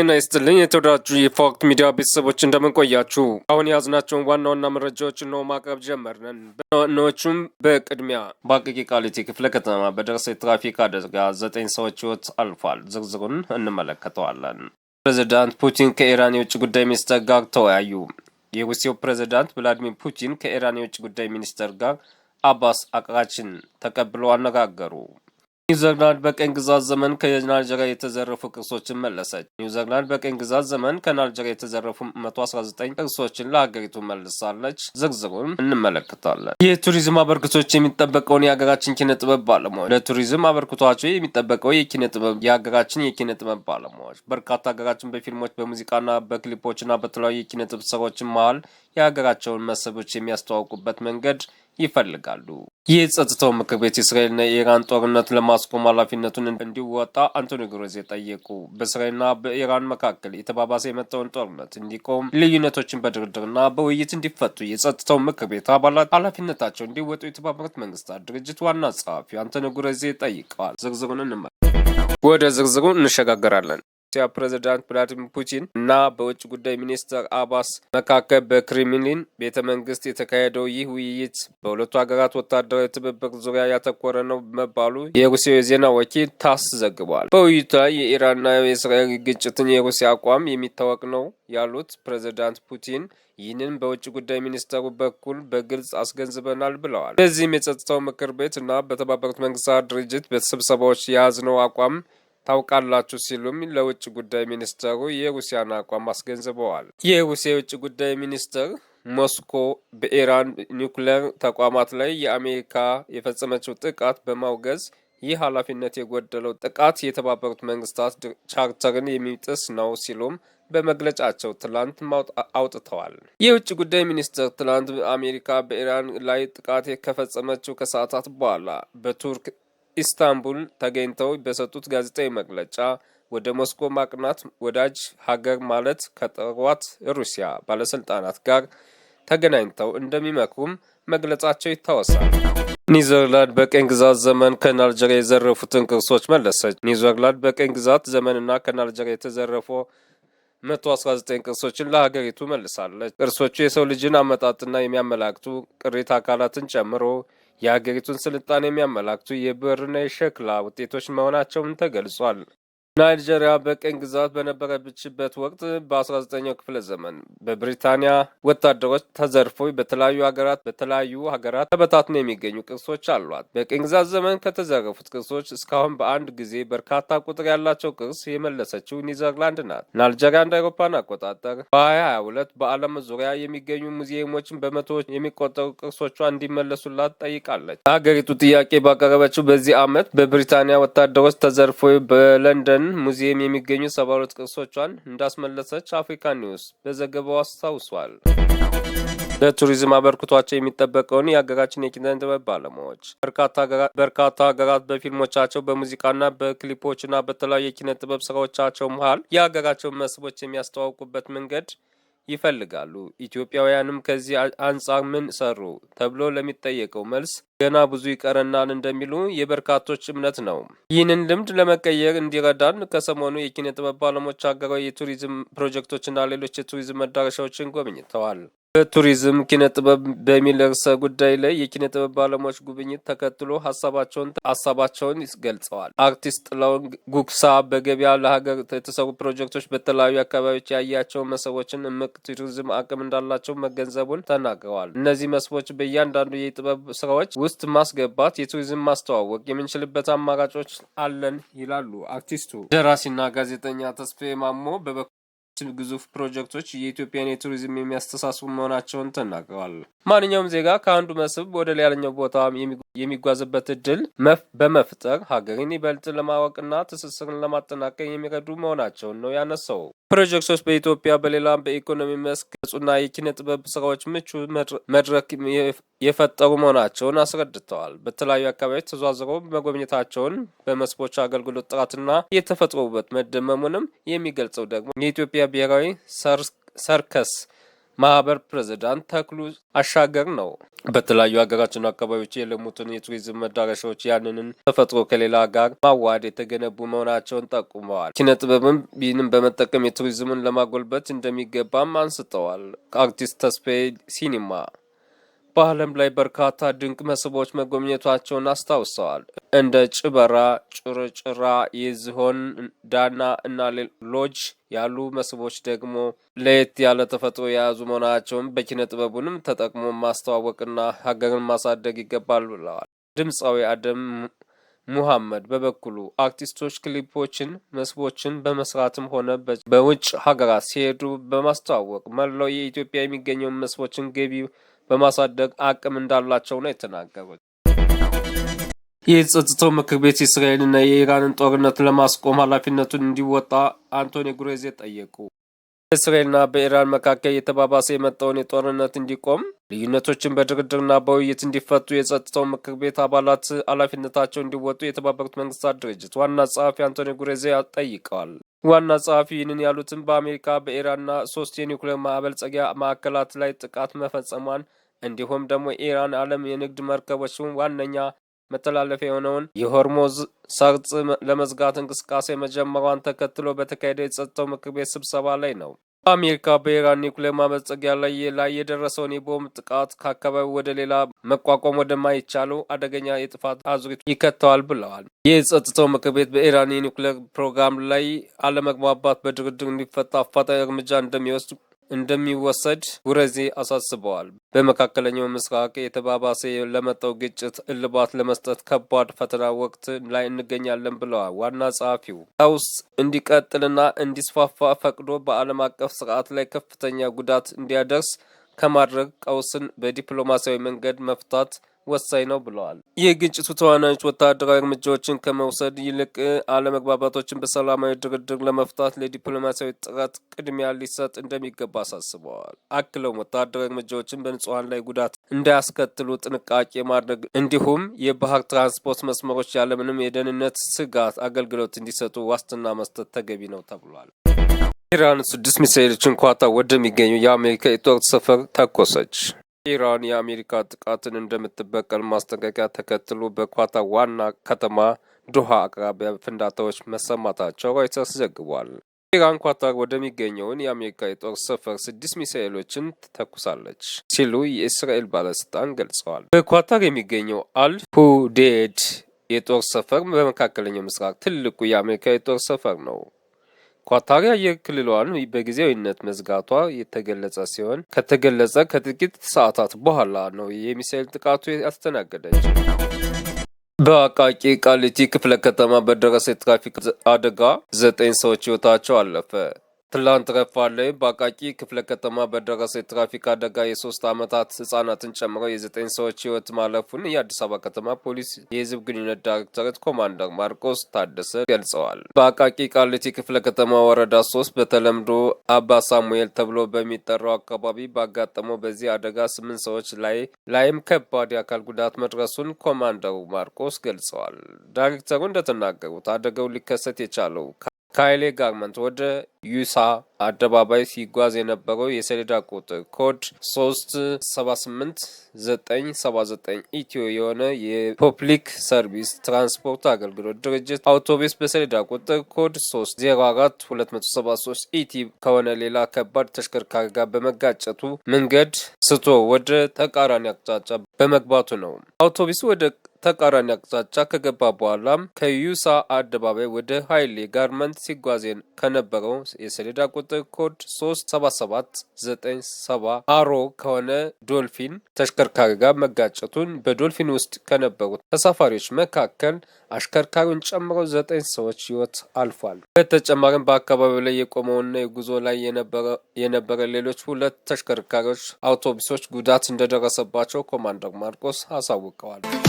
ጤና ይስጥልኝ የተወዳጁ የፎክት ሚዲያ ቤተሰቦች እንደምንቆያችሁ። አሁን የያዝናቸውን ዋና ዋና መረጃዎች ነው ማቅረብ ጀመርነን። በዋናዎቹም በቅድሚያ በአቃቂ ቃሊቲ ክፍለ ከተማ በደረሰ የትራፊክ አደጋ ዘጠኝ ሰዎች ህይወት አልፏል። ዝርዝሩን እንመለከተዋለን። ፕሬዚዳንት ፑቲን ከኢራን የውጭ ጉዳይ ሚኒስተር ጋር ተወያዩ። የሩሲያው ፕሬዚዳንት ቭላዲሚር ፑቲን ከኢራን የውጭ ጉዳይ ሚኒስተር ጋር አባስ አቅራችን ተቀብለው አነጋገሩ። ኒውዚላንድ በቀን ግዛት ዘመን ከናይጄሪያ የተዘረፉ ቅርሶችን መለሰች። ኒውዚላንድ በቅኝ ግዛት ዘመን ከናይጄሪያ የተዘረፉ 119 ቅርሶችን ለሀገሪቱ መልሳለች። ዝርዝሩን እንመለከታለን። የቱሪዝም አበርክቶች የሚጠበቀውን የሀገራችን ኪነ ጥበብ ባለሙያዎች ለቱሪዝም አበርክቷቸው የሚጠበቀው የኪነ ጥበብ የሀገራችን የኪነ ጥበብ ባለሙያዎች በርካታ ሀገራችን በፊልሞች በሙዚቃና በክሊፖችና በተለያዩ የኪነ ጥበብ ስራዎችን መሀል የሀገራቸውን መስህቦች የሚያስተዋውቁበት መንገድ ይፈልጋሉ። ይህ ጸጥታው ምክር ቤት የእስራኤልና የኢራን ጦርነት ለማስቆም ኃላፊነቱን እንዲወጣ አንቶኒ ጉሮዜ ጠየቁ። በእስራኤልና በኢራን መካከል የተባባሰ የመጣውን ጦርነት እንዲቆም ልዩነቶችን በድርድርና በውይይት እንዲፈቱ የጸጥታው ምክር ቤት አባላት ኃላፊነታቸው እንዲወጡ የተባበሩት መንግስታት ድርጅት ዋና ጸሐፊ አንቶኒ ጉሮዜ ጠይቀዋል። ዝርዝሩን እንመ ወደ ዝርዝሩ እንሸጋገራለን። የሩሲያ ፕሬዝዳንት ቭላዲሚር ፑቲን እና በውጭ ጉዳይ ሚኒስትር አባስ መካከል በክሬምሊን ቤተ መንግስት የተካሄደው ይህ ውይይት በሁለቱ ሀገራት ወታደራዊ ትብብር ዙሪያ ያተኮረ ነው መባሉ የሩሲያ የዜና ወኪል ታስ ዘግቧል። በውይይቱ ላይ የኢራንና የእስራኤል ግጭትን የሩሲያ አቋም የሚታወቅ ነው ያሉት ፕሬዝዳንት ፑቲን ይህንን በውጭ ጉዳይ ሚኒስተሩ በኩል በግልጽ አስገንዝበናል ብለዋል። በዚህም የጸጥታው ምክር ቤት እና በተባበሩት መንግስታት ድርጅት በስብሰባዎች የያዝነው አቋም ታውቃላችሁ ሲሉም ለውጭ ጉዳይ ሚኒስተሩ የሩሲያን አቋም አስገንዝበዋል። የሩሲያ የውጭ ጉዳይ ሚኒስትር ሞስኮ በኢራን ኒውክሌር ተቋማት ላይ የአሜሪካ የፈጸመችው ጥቃት በማውገዝ ይህ ኃላፊነት የጎደለው ጥቃት የተባበሩት መንግስታት ቻርተርን የሚጥስ ነው ሲሉም በመግለጫቸው ትላንት አውጥተዋል። የውጭ ጉዳይ ሚኒስትር ትላንት አሜሪካ በኢራን ላይ ጥቃት ከፈጸመችው ከሰዓታት በኋላ በቱርክ ኢስታንቡል ተገኝተው በሰጡት ጋዜጣዊ መግለጫ ወደ ሞስኮ ማቅናት ወዳጅ ሀገር ማለት ከጠሯት ሩሲያ ባለስልጣናት ጋር ተገናኝተው እንደሚመክሩም መግለጻቸው ይታወሳል። ኒዘርላንድ በቅኝ ግዛት ዘመን ከናልጀሪያ የዘረፉትን ቅርሶች መለሰች። ኒዘርላንድ በቅኝ ግዛት ዘመንና ከናልጀሪያ የተዘረፉ 119 ቅርሶችን ለሀገሪቱ መልሳለች። ቅርሶቹ የሰው ልጅን አመጣጥና የሚያመላክቱ ቅሪት አካላትን ጨምሮ የሀገሪቱን ስልጣን የሚያመላክቱ የብርና የሸክላ ውጤቶች መሆናቸውም ተገልጿል። ናይጄሪያ በቅኝ ግዛት በነበረችበት ወቅት በ19ኛው ክፍለ ዘመን በብሪታንያ ወታደሮች ተዘርፎ በተለያዩ ሀገራት በተለያዩ ሀገራት ተበታትነው የሚገኙ ቅርሶች አሏት። በቅኝ ግዛት ዘመን ከተዘረፉት ቅርሶች እስካሁን በአንድ ጊዜ በርካታ ቁጥር ያላቸው ቅርስ የመለሰችው ኒዘርላንድ ናት። ናይጄሪያ እንደ አውሮፓን አቆጣጠር በ2022 በዓለም ዙሪያ የሚገኙ ሙዚየሞችን በመቶዎች የሚቆጠሩ ቅርሶቿ እንዲመለሱላት ጠይቃለች። ሀገሪቱ ጥያቄ ባቀረበችው በዚህ ዓመት በብሪታንያ ወታደሮች ተዘርፎ በለንደን ሙዚየም የሚገኙ 72 ቅርሶቿን እንዳስመለሰች አፍሪካ ኒውስ በዘገባው አስታውሷል። ለቱሪዝም አበርክቷቸው የሚጠበቀውን የሀገራችን የኪነ ጥበብ ባለሙያዎች በርካታ ሀገራት በፊልሞቻቸው በሙዚቃና በክሊፖችና በተለያዩ የኪነ ጥበብ ስራዎቻቸው መሀል የሀገራቸውን መስህቦች የሚያስተዋውቁበት መንገድ ይፈልጋሉ። ኢትዮጵያውያንም ከዚህ አንጻር ምን ሰሩ ተብሎ ለሚጠየቀው መልስ ገና ብዙ ይቀረናል እንደሚሉ የበርካቶች እምነት ነው። ይህንን ልምድ ለመቀየር እንዲረዳን ከሰሞኑ የኪነ ጥበብ ባለሙያዎች ሀገራዊ የቱሪዝም ፕሮጀክቶችና ሌሎች የቱሪዝም መዳረሻዎችን ጎብኝተዋል። በቱሪዝም ኪነ ጥበብ በሚል ርዕሰ ጉዳይ ላይ የኪነ ጥበብ ባለሙያዎች ጉብኝት ተከትሎ ሀሳባቸውን ሀሳባቸውን ገልጸዋል። አርቲስት ጥላውን ጉክሳ በገበያ ለሀገር የተሰሩ ፕሮጀክቶች በተለያዩ አካባቢዎች ያያቸው መስህቦችን እምቅ ቱሪዝም አቅም እንዳላቸው መገንዘቡን ተናግረዋል። እነዚህ መስህቦች በእያንዳንዱ የጥበብ ስራዎች ውስጥ ማስገባት የቱሪዝም ማስተዋወቅ የምንችልበት አማራጮች አለን ይላሉ አርቲስቱ። ደራሲና ጋዜጠኛ ተስፋዬ ማሞ ግዙፍ ፕሮጀክቶች የኢትዮጵያን የቱሪዝም የሚያስተሳስቡ መሆናቸውን ተናግረዋል። ማንኛውም ዜጋ ከአንዱ መስህብ ወደ ሌላኛው ቦታ የሚጓዝበት እድል በመፍጠር ሀገርን ይበልጥ ለማወቅና ትስስርን ለማጠናከር የሚረዱ መሆናቸውን ነው ያነሳው። ፕሮጀክቶች በኢትዮጵያ በሌላም በኢኮኖሚ መስክ የጽና የኪነ ጥበብ ስራዎች ምቹ መድረክ የፈጠሩ መሆናቸውን አስረድተዋል። በተለያዩ አካባቢዎች ተዘዋዝረው መጎብኘታቸውን በመስቦች አገልግሎት ጥራትና የተፈጥሮ ውበት መደመሙንም የሚገልጸው ደግሞ የኢትዮጵያ ብሔራዊ ሰርከስ ማህበር ፕሬዝዳንት ተክሉ አሻገር ነው። በተለያዩ ሀገራችን አካባቢዎች የለሙትን የቱሪዝም መዳረሻዎች ያንንን ተፈጥሮ ከሌላ ጋር ማዋሃድ የተገነቡ መሆናቸውን ጠቁመዋል። ኪነ ጥበብም ይህንን በመጠቀም የቱሪዝምን ለማጎልበት እንደሚገባም አንስተዋል። አርቲስት ተስፋዬ ሲኒማ በዓለም ላይ በርካታ ድንቅ መስህቦች መጎብኘቷቸውን አስታውሰዋል። እንደ ጭበራ፣ ጭርጭራ፣ የዝሆን ዳና እና ሎጅ ያሉ መስህቦች ደግሞ ለየት ያለ ተፈጥሮ የያዙ መሆናቸውን በኪነ ጥበቡንም ተጠቅሞ ማስተዋወቅና ሀገርን ማሳደግ ይገባል ብለዋል። ድምፃዊ አደም ሙሐመድ በበኩሉ አርቲስቶች ክሊፖችን መስህቦችን በመስራትም ሆነ በውጭ ሀገራት ሲሄዱ በማስተዋወቅ መላው የኢትዮጵያ የሚገኘውን መስህቦችን ገቢ በማሳደግ አቅም እንዳላቸው ነው የተናገሩት። የጸጥታው ምክር ቤት እስራኤልና የኢራንን ጦርነት ለማስቆም ኃላፊነቱን እንዲወጣ አንቶኒ ጉሬዜ ጠየቁ። በእስራኤልና በኢራን መካከል የተባባሰ የመጣውን የጦርነት እንዲቆም ልዩነቶችን በድርድርና በውይይት እንዲፈቱ የጸጥታው ምክር ቤት አባላት ኃላፊነታቸው እንዲወጡ የተባበሩት መንግስታት ድርጅት ዋና ጸሐፊ አንቶኒ ጉሬዜ ጠይቀዋል። ዋና ጸሐፊ ይህንን ያሉትም በአሜሪካ በኢራንና ሶስት የኒውክሌር ማበልጸጊያ ማዕከላት ላይ ጥቃት መፈጸሟን እንዲሁም ደግሞ ኢራን ዓለም የንግድ መርከቦች ዋነኛ መተላለፊያ የሆነውን የሆርሞዝ ሰርጽ ለመዝጋት እንቅስቃሴ መጀመሯን ተከትሎ በተካሄደ የጸጥታው ምክር ቤት ስብሰባ ላይ ነው። በአሜሪካ በኢራን ኒውክሌር ማበልጸጊያ ላይ የደረሰውን የቦምብ ጥቃት ከአካባቢው ወደ ሌላ መቋቋም ወደማይቻለው አደገኛ የጥፋት አዙሪት ይከተዋል ብለዋል። ይህ የጸጥታው ምክር ቤት በኢራን የኒውክሌር ፕሮግራም ላይ አለመግባባት በድርድር እንዲፈታ አፋጣኝ እርምጃ እንደሚወስድ እንደሚወሰድ ውረዜ አሳስበዋል። በመካከለኛው ምስራቅ የተባባሰ ለመጣው ግጭት እልባት ለመስጠት ከባድ ፈተና ወቅት ላይ እንገኛለን ብለዋል። ዋና ጸሐፊው ቀውስ እንዲቀጥልና እንዲስፋፋ ፈቅዶ በዓለም አቀፍ ስርዓት ላይ ከፍተኛ ጉዳት እንዲያደርስ ከማድረግ ቀውስን በዲፕሎማሲያዊ መንገድ መፍታት ወሳኝ ነው ብለዋል። የግጭቱ ተዋናዮች ወታደራዊ እርምጃዎችን ከመውሰድ ይልቅ አለመግባባቶችን በሰላማዊ ድርድር ለመፍታት ለዲፕሎማሲያዊ ጥረት ቅድሚያ ሊሰጥ እንደሚገባ አሳስበዋል። አክለውም ወታደራዊ እርምጃዎችን በንጹሐን ላይ ጉዳት እንዳያስከትሉ ጥንቃቄ ማድረግ እንዲሁም የባህር ትራንስፖርት መስመሮች ያለምንም የደህንነት ስጋት አገልግሎት እንዲሰጡ ዋስትና መስጠት ተገቢ ነው ተብሏል። ኢራን ስድስት ሚሳኤሎችን ኳታ ወደሚገኙ የአሜሪካ የጦር ሰፈር ተኮሰች። ኢራን የአሜሪካ ጥቃትን እንደምትበቀል ማስጠንቀቂያ ተከትሎ በኳታር ዋና ከተማ ዶሃ አቅራቢያ ፍንዳታዎች መሰማታቸው ሮይተርስ ዘግቧል። ኢራን ኳታር ወደሚገኘውን የአሜሪካ የጦር ሰፈር ስድስት ሚሳኤሎችን ትተኩሳለች ሲሉ የእስራኤል ባለስልጣን ገልጸዋል። በኳታር የሚገኘው አል ሁዴድ የጦር ሰፈር በመካከለኛው ምስራቅ ትልቁ የአሜሪካ የጦር ሰፈር ነው። ኳታር የአየር ክልሏን በጊዜያዊነት መዝጋቷ የተገለጸ ሲሆን ከተገለጸ ከጥቂት ሰዓታት በኋላ ነው የሚሳኤል ጥቃቱ ያስተናገደች። በአቃቂ ቃሊቲ ክፍለ ከተማ በደረሰ የትራፊክ አደጋ ዘጠኝ ሰዎች ህይወታቸው አለፈ። ትላንት ረፋድ ላይ በአቃቂ ክፍለ ከተማ በደረሰ የትራፊክ አደጋ የሶስት ዓመታት ህጻናትን ጨምሮ የዘጠኝ ሰዎች ህይወት ማለፉን የአዲስ አበባ ከተማ ፖሊስ የህዝብ ግንኙነት ዳይሬክተሬት ኮማንደር ማርቆስ ታደሰ ገልጸዋል። በአቃቂ ቃሊቲ ክፍለ ከተማ ወረዳ ሶስት በተለምዶ አባ ሳሙኤል ተብሎ በሚጠራው አካባቢ ባጋጠመው በዚህ አደጋ ስምንት ሰዎች ላይ ላይም ከባድ የአካል ጉዳት መድረሱን ኮማንደሩ ማርቆስ ገልጸዋል። ዳይሬክተሩ እንደተናገሩት አደጋው ሊከሰት የቻለው ከኃይሌ ጋርመንት ወደ ዩሳ አደባባይ ሲጓዝ የነበረው የሰሌዳ ቁጥር ኮድ 378979 ኢትዮ የሆነ የፐብሊክ ሰርቪስ ትራንስፖርት አገልግሎት ድርጅት አውቶቡስ በሰሌዳ ቁጥር ኮድ 304273 ኢቲ ከሆነ ሌላ ከባድ ተሽከርካሪ ጋር በመጋጨቱ መንገድ ስቶ ወደ ተቃራኒ አቅጣጫ በመግባቱ ነው። አውቶቡሱ ወደ ተቃራኒ አቅጣጫ ከገባ በኋላ ከዩሳ አደባባይ ወደ ሀይሌ ጋርመንት ሲጓዝ ከነበረው የሰሌዳ ቁጥር ኮድ 377970 አሮ ከሆነ ዶልፊን ተሽከርካሪ ጋር መጋጨቱን በዶልፊን ውስጥ ከነበሩት ተሳፋሪዎች መካከል አሽከርካሪውን ጨምሮ ዘጠኝ ሰዎች ሕይወት አልፏል። በተጨማሪም በአካባቢው ላይ የቆመውና የጉዞ ላይ የነበረ ሌሎች ሁለት ተሽከርካሪዎች አውቶቡሶች ጉዳት እንደደረሰባቸው ኮማንደር ማርቆስ አሳውቀዋል።